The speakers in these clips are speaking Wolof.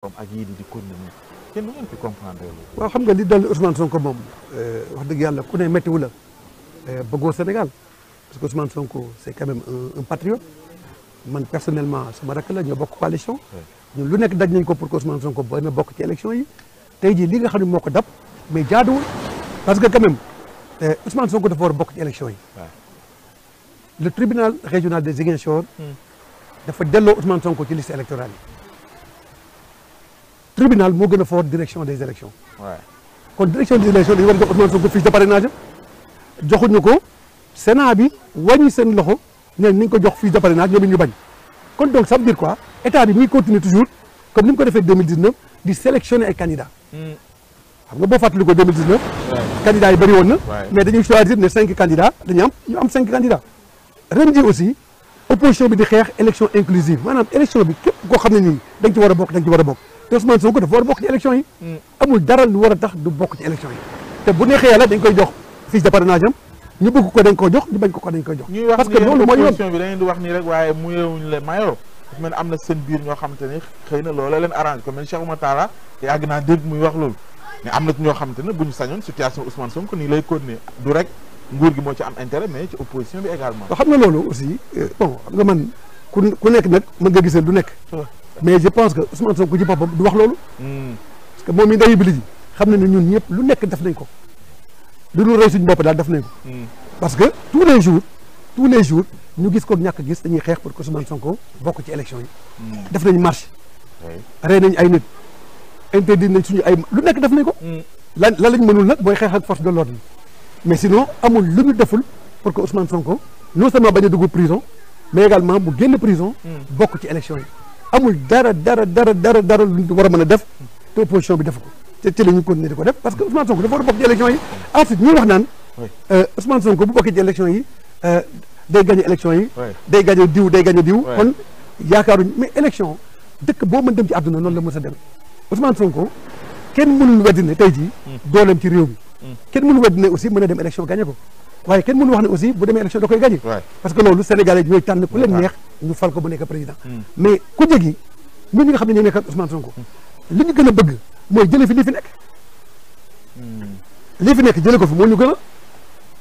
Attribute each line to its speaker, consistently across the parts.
Speaker 1: ak yii di continuer kenn du ngeen fi comprendre
Speaker 2: waaw Sonko moom eh, wax dëgg yàlla ku ne méttiwu la eh, bëggoo Sénégal parce que Ousmane Sonko c' est quand même un patriote man personnellement sama rakk la ñoo bokk coalition ñun lu nekk daj nañ ko pour que Ousmane Sonko ba na bokk ci élection yi tey jii li nga xam ne moo ko dab mais jaaduwul parce que quand même eh, Ousmane Sonko dafa war bokk ci élection yi le tribunal régional de Ziguinchor hmm. dafa delloo Ousmane Sonko ci liste électorale tribunal moo gën a fort direction des élections kon direction des élections dañu war a jox Ousmane Sonko fiche de parrainage am joxuñu ko Sénat bi wàññi seen loxo ne ni nga ko jox fiche de parrainage ñoom it ñu bañ kon donc ça veut dire quoi état bi muy continuer toujours comme ni ko defee 2019 di sélectionner ay candidats. Hmm. xam nga boo fàttali ko 2019. candidats yi bëri woon na. mais dañuy choisir ne cinq candidats dañu am ñu am cinq candidats. ren jii aussi opposition bi di xeex élection inclusive maanaam élection bi képp koo xam ne ñun da war a war a bokk. te Ousmane Sonko dafa war a bokk ci élection yi. Mm. amul dara lu war a tax du bokk ci élection yi. te bu neexee yàlla dañ koy jox fiche de parrainage am ñu bëgg ko dañ ko jox ñu bañ ko ko dañ koy jox. parce que loolu mooy yoon
Speaker 1: bi dañuy wax nii rek mu yewuñ le mayo dafa am na seen biir ñoo xamante ne xëy na loola leen arrange comme Cheikh Oumar Talla yàgg naa dégg muy wax loolu mais am na ñoo xamante ne bu ñu sañoon situation Ousmane Sonko nii lay continuer du rek nguur gi moo ci am intérêt mais ci opposition bi également. xam nga
Speaker 2: loolu aussi euh, bon xam nga man ku nekk nag mën nga gisal lu nekk mais je pense que Ousmane Sonko ci boppam du wax loolu. Hmm. parce que moom mii ay yibili xam na ne ñun ñëpp lu nekk def nañ ko. lu dul rey suñu bopp daal def nañ ko. Hmm. parce que tous les jours tous les jours ñu gis ko ñàkk gis dañuy xeex pour que Ousmane Sonko bokk ci élection yi. Hmm. def nañ marche. rey nañ ay nit interdit nañ suñu ay lu nekk def nañ ko. lan lan lañ mënul nag mooy xeex ak force de l'ordre mais sinon amul lu ñu deful pour que Ousmane Sonko non seulement bañ a dugg prison mais également bu génn prison. bokk ci élection yi. amul dara dara dara dara dara lu war a mën a def bi def ko te parce que Ousmane Sonko dafa war a bokk ci yi ensuite ñuy wax naan euh, Ousmane Sonko bu bokkee ci élection yi euh, day gagné élection yi day gagné diw day gagné diw kon yaakaaruñ mais élection dëkk boo mën dem ci àdduna noonu la mës a demee Ousmane Sonko kenn mënul weddi ne tey jii hmm. dooleem ci réew mi hmm. kenn mënul weddi aussi mën a dem élection gagné ko waaye kenn mënul wax ne aussi bu demee élection da koy gagné parce que loolu Sénégalais ñu fal ko bu nekk président. Hmm. mais ku jegi ñun ñi nga xam ne ñoo nekk ak Sonko. li ñu gën a bëgg mooy jëlee fi li fi nekk. Hmm. li fi nekk jële ko fi moo ñu gën a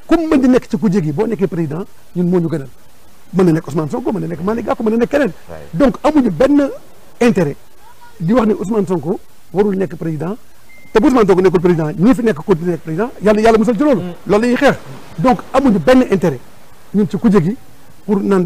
Speaker 2: comme mën di nekk ci ku jegi boo nekkee président ñun moo ñu gënal mën na nekk Ousmane Sonko mën na nekk Malick Gakou mën na nekk keneen. donc amuñu benn intérêt di wax ne Ousmane Sonko warul nekk président. te bu Ousmane Sonko nekk président ñi fi nekk ko continué nekk président yàlla yàlla musal ci loolu. Hmm. loolu xeex donc amuñu benn intérêt ñun ci kuje gi pour naan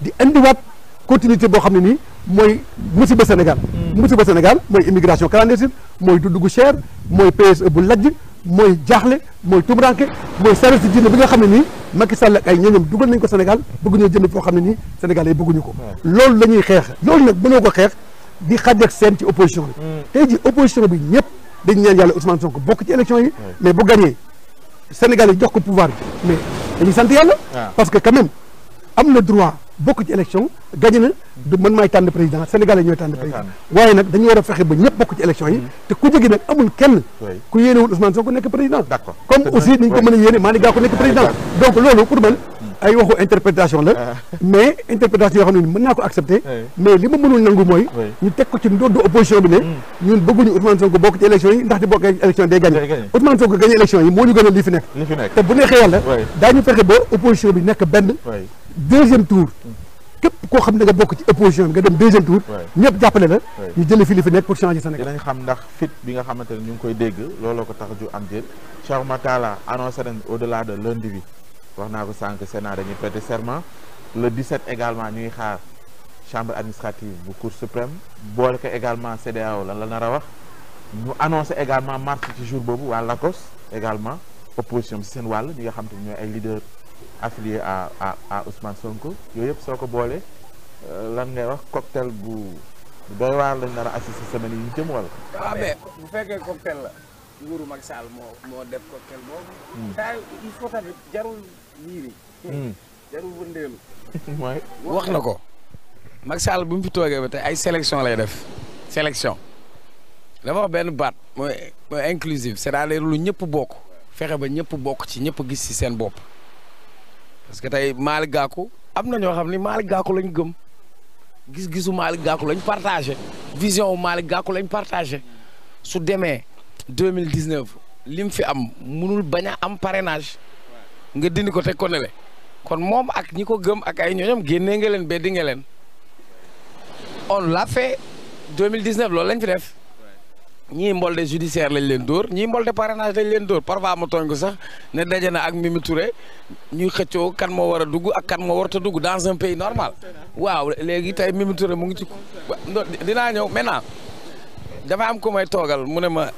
Speaker 2: di indiwaat continuité boo xam ne nii mooy musiba Sénégal. Mm. musiba Sénégal mooy immigration clandestine mooy dund gu cher mooy PSE bu lajj mooy jaaxle mooy tumranke mooy service di bi nga xam ne nii Macky Sall ak ay ñooñam dugal nañ ko Sénégal bëgguñoo jënd foo xam ne nii Sénégal yi bëgguñu ko. loolu lañuy xeex loolu nag mënoo ko xeex di xàjj ak seen ci opposition bi. Mm. tey ji opposition bi ñëpp dañu ñaan yàlla Ousmane Sonko bokk ci élection yi. mais bu gagné Sénégal yi jox ko pouvoir bi mais sant yàlla. parce que quand am na droit. bokk ci élection gagné na du man maay tànn président sénégalais ñooy tànn président waaye nag dañu war a fexe ba ñëpp bokk ci élection yi te ku jóge nag amul kenn ku yéenewul Ousmane Sonko nekk président d'accord comme aussi niñ ko mën a maa ni gaa ko nekk président donc loolu pour man ay waxu interprétation la ah. mais interprétation yoo xam ne mën naa ko accepté mais li ma mënul nangu mooy ñu teg ko ci ndoddu opposition bi ne hmm. ñun bëgguñu Ousmane Sonko bokk ci élection yi ndaxte bokk élection day gagné Ousmane Sonko gagné élection yi moo ñu gën a lii fi nekk te bu neexee yàlla daañu fexe ba opposition bi nekk benn deuxième tour hmm. képp koo xam ne nga bokk ci opposition bi nga dem deuxième tour ñëpp jàppale la ñu jële fi li fi nekk pour changer Sénégal dinañ
Speaker 1: xam ndax fit looloo ko tax ju am jël Cheikh Oumar Talla wax naa ko sànq Sénat dañuy prêter serment le 17 également ñuy xaar chambre administrative bu cour suprême boole ko également CEDEAO lan la nar a wax ñu annoncé également marche ci jour boobu waa LACOS également opposition bi seen wàll ñi nga xam te ñooy ay leaders affiliés à à à Ousmane Sonko yooyu yëpp soo ko boole euh, lan ngay wax cocktail bu doy waar lañ nar a assister semaine yi ñu jëm wala.
Speaker 3: waaw ah, ah, mais bu fekkee cocktail la nguuru Macky Sall moo def cocktail boobu. Hmm. yii hmm. wax na ko. Macky Sall bu mu fi toogee ba tey ay sélection lay def sélection dafa benn baat mooy mooy inclusive cest à ñëpp bokk fexe ba ñëpp bokk ci ñëpp gis ci seen bopp parce que tey Malick Gakou am na ñoo xam ni Malick Gakou lañ gëm gis-gisu Malick Gakou lañ partagé vision wu Malick Gakou lañ partagé su demee deux mille dix-neuf li fi am munul bañ a am parrainage. nga dindi ko teg ko nele kon moom ak ñi ko gëm ak ay ñooñam génnee nga leen beddi nga leen on l'a fait lool loolu lañ fi def ñii mbolde judiciaire lañ leen dóor ñii mbolde parrainage lañ leen dóor parfois mu tooñ ko sax ne daje na ak Mimi Touré ñuy xëccoo kan moo war a dugg ak kan moo warut a dugg dans un pays normal waaw léegi tey Mimi Touré mu ngi ci dinaa ñëw maintenant dafa am ko may toogal mu ne ma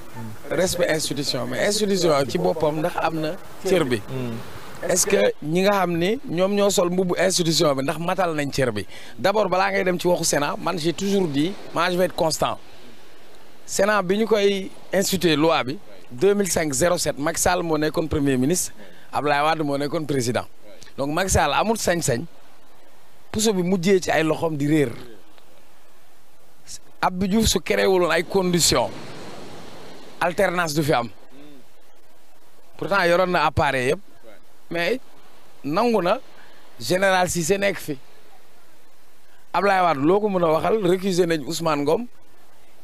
Speaker 3: respect institution mais institution ci boppam ndax am na cër bi hmm. est-ce que ñi nga xam ni ñoom ñoo sol mbubb institution bi ndax matal nañ cër bi d'abord balaa ngay dem ci waxu sena man j'ai toujours dit man je vais être constant Sénat bi ñu koy instituer loi bi 2005 07 Macky Sall moo nekkoon premier ministre Abdoulaye Wade moo nekkoon président donc Macky Sall amul sañ-sañ puso bi mujjee ci ay loxoom di réer Abdou Diouf su créé wuloon ay conditions alternance du fi am pourtant yoroon na appareil yëpp. mais nangu na général Cissé nekk fi Ablaye Wade loo ko mën a waxal récuser nañ Ousmane ngoom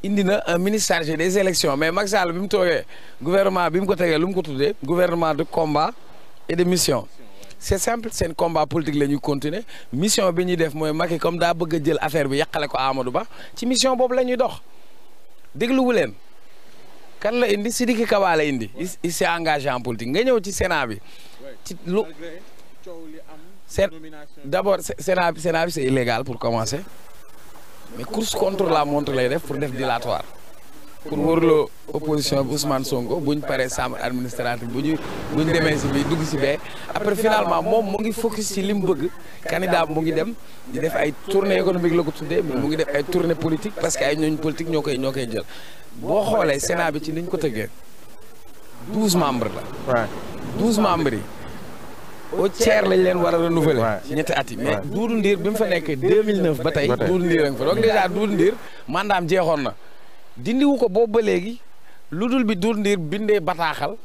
Speaker 3: indi na un ministre chargé des élections mais Macky Sall bi mu toogee gouvernement bi mu ko tegee lu mu ko tuddee gouvernement de combat et de mission c'est simple seen combat politique la ñuy continuer mission bi ñuy def mooy Macky comme daa bëgg a jël affaire bi yàqale ko Amadou Ba ci mission boobu la ñuy dox dégluwu leen kan la indi si Kaba la indi il s'est engagé en ñëw ci Sénat bi ci lu seet d'abord Sénat bi Sénat bi c'est illégal pour commencer mais course contre la montre lay def pour def dilatoire pour wërloo opposition bi Ousmane songo bu ñu paree chambre administrative bu ñu bu ñu demee si bii dugg si bee après finalement moom mu ngi focus ci li mu bëgg candidat mu ngi dem di def ay tournée économique la ko tuddee mais mu ngi def ay tournée politique parce que ay ñooñ politique ñoo koy ñoo koy jël boo xoolee Sénat bi ci ni ñu ko tëggee douze membres la douze membres yi au tiers lañ leen war a renouveler. ñetti at yi mais Doudou Ndir bi mu fa nekk 2009 ba tey. ba tey Doudou Ndir a ngi jeexoon na. dindiwu ko boobu ba léegi lu dul bi Doudou Ndir bindee bataaxal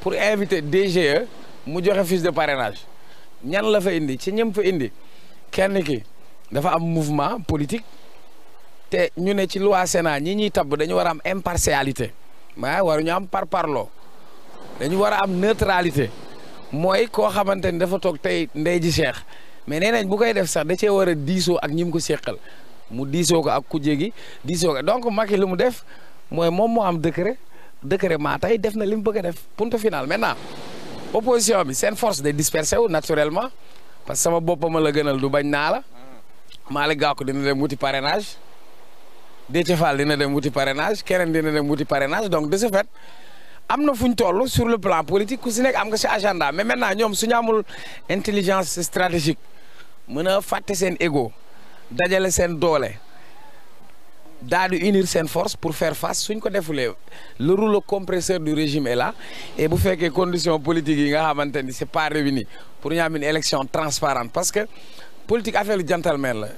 Speaker 3: pour inviter DGE mu joxe fiche de parrainage ñan la fa indi ci ñem fa indi kenn ki dafa am mouvement politique te ñu ne ci loi Sénat ñi ñuy tabb dañu war a am impartialité war ñu am par parparloo dañu war a am neutralité. mooy koo xamante ni dafa toog tey ndey ji Cheikh mais nee bu koy def sax da cee war a diisoo ak ñi mu ko seqal mu diisoo ko ak kuje gi diisoo ko donc Macky li mu def mooy moom moo am décret décret maa tey def na li mu bëgg a def punto final maintenant opposition bi seen force de disperser wu naturellement parce que sama boppam la gënal du bañ naa la maa Malick Gakou dina dem wuti parrainage Déthié Fall dina dem wuti parrainage keneen dina dem wuti parrainage donc de ce fait am na fu ñu toll sur le plan politique ku si nekk am nga si agenda mais maintenant ñoom su ñu amul intelligence stratégique mën a fàtte seen égo dajale seen doole daal di unir seen force pour faire face suñ ko defule le rouleau compresseur du régime est là et bu fekkee condition politique yi nga xamante ni c'est pas réuni pour ñu am une élection parce que politique affaire lu gentleman la.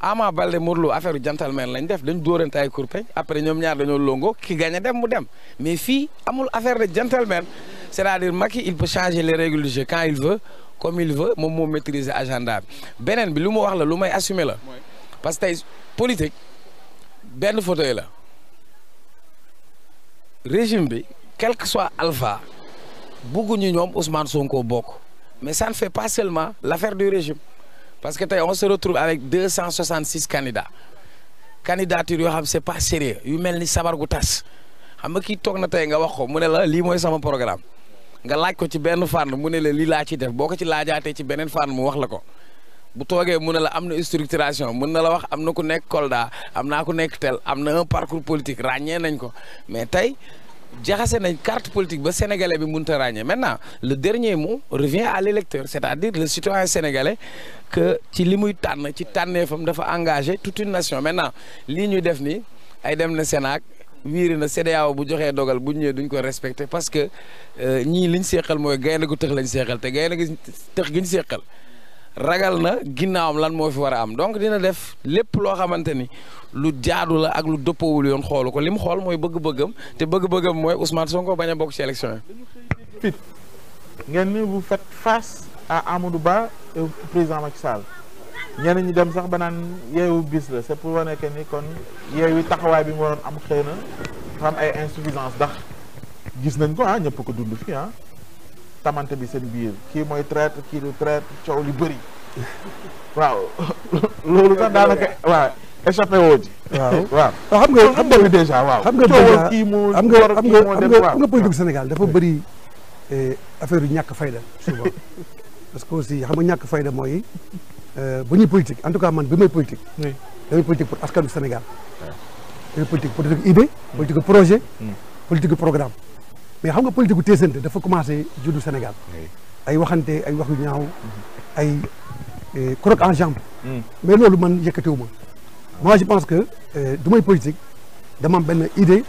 Speaker 3: Ama Balde Modou Lo affaire gentleman lañ def dañ dóorante ay kurpeñ après ñoom ñaar dañoo longo ki gagné dem mu dem mais fii amul affaire de gentleman c'est-à-dire Macky il peut changer les règles du jeu quand il veut comme il veut moom moo maîtriser agenda bi beneen bi lu mu wax la lu may assumer la parce que tey politique benn la régime bi quelque que soit alpha bugguñu ñoom Ousmane Sonko bokk mais san ne fait pas seulement l'affaire du régime parce que tey on se retrouve avec deux cent soixante six yoo xam c'est pas sérieux yu mel ni sabar gu tas xam nga kii toog na tey nga wax ko mu ne la lii mooy sama programme nga laaj ko ci benn fànn mu ne la lii laa ci def boo ko ci laajaatee ci beneen fànn mu wax la ko bu toogee mu ne la am na structuration mën na la wax am na ku nekk Kolda am naa ku nekk tel am na un parcours politique ràññee nañ ko mais tey jaxase nañ carte politique ba sénégalais bi mënut a ràññee maintenant le dernier mot revient à l'électeur c'est-à-dire le citoyen sénégalais que ci li muy tànn ci fa mu dafa engagé tout une nation maintenant lii ñu def ni ay dem na Sénat wiiri na CEDEAO bu joxee dogal bu ñëwee duñ koy respecté parce que euh, ñii liñ seeqal mooy gaynde gu tëx lañ seeqal te gaynde gi tëx gi ñu séqal ragal na ginnaawam lan moo fi war a am donc dina def lépp loo xamante ni lu jaadu la ak lu dëppowul yoon xoolu ko li mu xool mooy bëgg-bëggam te bëgg-bëggam mooy Ousmane Sonko bañ a bokk ci élection yi.
Speaker 1: ngeen ni vous faites face à Amadou Ba et président Macky Sall ñenn ñi dem sax ba naan yeewu bis la c'est pour wane que ni kon yeewu taxawaay bi mu waroon am xëy na xam ay insuffisance ndax gis nañ ko ah ñëpp ko dund fii ah. tamante bi seen biir kii mooy traître kii lu traître coow li bëri waaw loolu sax daanaka waaw échappé woo ji waaw waaw xam nga xam nga déjà waaw xam nga déjà kii moo xam nga xam nga xam nga
Speaker 2: politique Sénégal dafa bëri eh, affaire yu ñàkk fayda souvent parce que aussi xam nga ñàkk fayda mooy eh, bu ñuy politique en tout cas man bi may politique damay politique pour askanu Sénégal damay politique politique idée mm. projet mm. politique programme mais xam nga politique bu teesante dafa commencé juddu Sénégal ay waxante ay wax yu ñaaw
Speaker 1: mm-hmm.
Speaker 2: ay eh, croc en jambe mm. mais loolu man yëkkatewu ma moi je pense que euh, du may politique dama am benn idée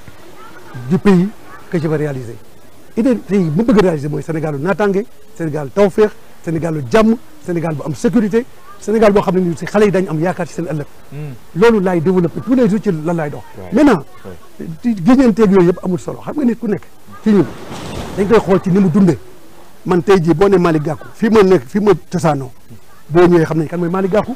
Speaker 2: du pays que je vais réaliser idée pays bu réaliser mooy Sénégal lu naataange Sénégal tawféex Sénégal lu jàmm Sénégal bu am sécurité Sénégal boo xam ne nii si xale yi dañ am yaakaar ci seen ëllëg mm. loolu laay développé tous les jours ci lan laay dox maintenant di géñanteeg yooyu yëpp amul solo xam nga nit ku nekk ci ñun dañ koy xool ci ni mu dundee man tey jii boo ne mali Gakou fii ma nekk fii ma cosaanoo boo ñëwee xam nañ kan mooy Malick Gakou